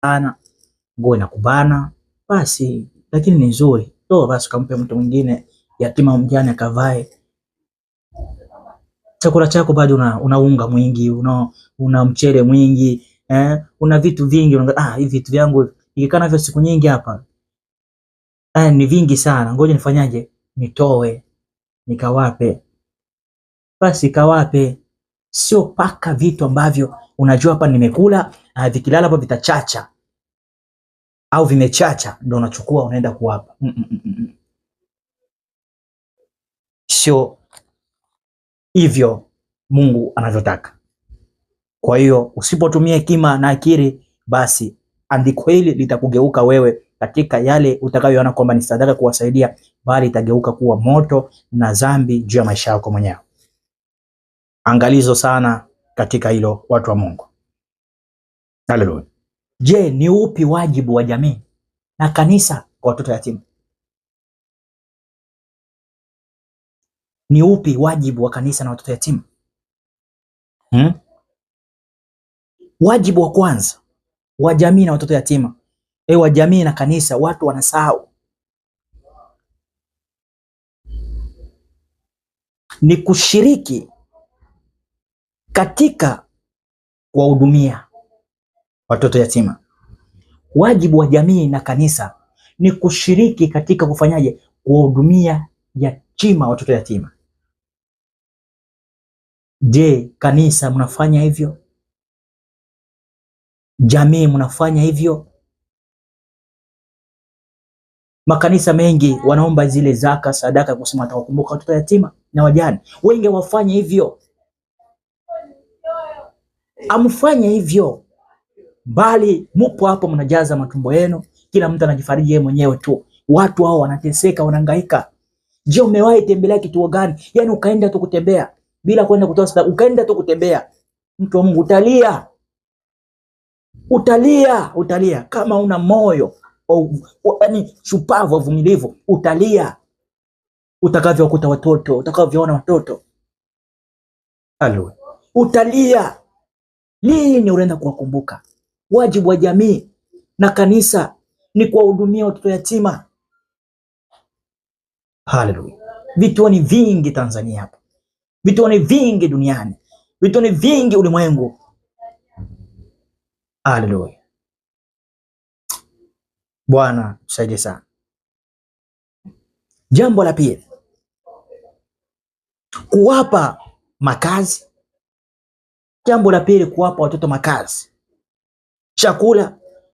sana, nguo inakubana basi, lakini ni nzuri, toa basi kampe mtu mwingine, yatima mjane akavae. Chakula chako bado una, una unga mwingi una, una mchele mwingi eh, una vitu vingi una, ah, hivi vitu vyangu ikikaa navyo siku nyingi hapa eh, ni vingi sana, ngoja nifanyaje, nitoe nikawape. Basi kawape, sio paka vitu ambavyo unajua hapa nimekula, uh, vikilala hapa vitachacha au vimechacha, ndo unachukua unaenda kuwapa. mm -mm -mm. mm, mm. Sio hivyo Mungu anavyotaka. Kwa hiyo usipotumia hekima na akili, basi andiko hili litakugeuka wewe katika yale utakayoona kwamba ni sadaka kuwasaidia, bali itageuka kuwa moto na dhambi juu ya maisha yako mwenyewe. Angalizo sana katika hilo, watu wa Mungu. Haleluya. Je, ni upi wajibu wa jamii na kanisa kwa watoto yatima? Ni upi wajibu wa kanisa na watoto yatima? Hmm? Wajibu wa kwanza wa jamii na watoto yatima, e, wa jamii na kanisa, watu wanasahau, ni kushiriki katika kuwahudumia watoto yatima, wajibu wa jamii na kanisa ni kushiriki katika kufanyaje, kuwahudumia yatima, watoto yatima. Je, kanisa mnafanya hivyo? Jamii mnafanya hivyo? Makanisa mengi wanaomba zile zaka, sadaka, kusema atawakumbuka watoto yatima na wajane. Wengi wafanye hivyo. Eh. amfanye hivyo, bali mupo hapo mnajaza matumbo yenu, kila mtu anajifariji yeye mwenyewe tu. Watu hao wanateseka, wanahangaika. Je, umewahi tembelea kituo gani? Yaani ukaenda tu kutembea bila kwenda kutoa sadaka, ukaenda tu kutembea. Mtu wa Mungu utalia, utalia, utalia kama una moyo yaani shupavu, wavumilivu, utalia utakavyokuta watoto, utakavyoona watoto, Halo, utalia lini unaenda kuwakumbuka? Wajibu wa jamii na kanisa ni kuwahudumia watoto yatima. Haleluya! vituoni ni vingi Tanzania hapa, vituoni ni vingi duniani, vituoni ni vingi ulimwengu. Haleluya! Bwana tusaidie sana. Jambo la pili, kuwapa makazi Jambo la pili, kuwapa watoto makazi, chakula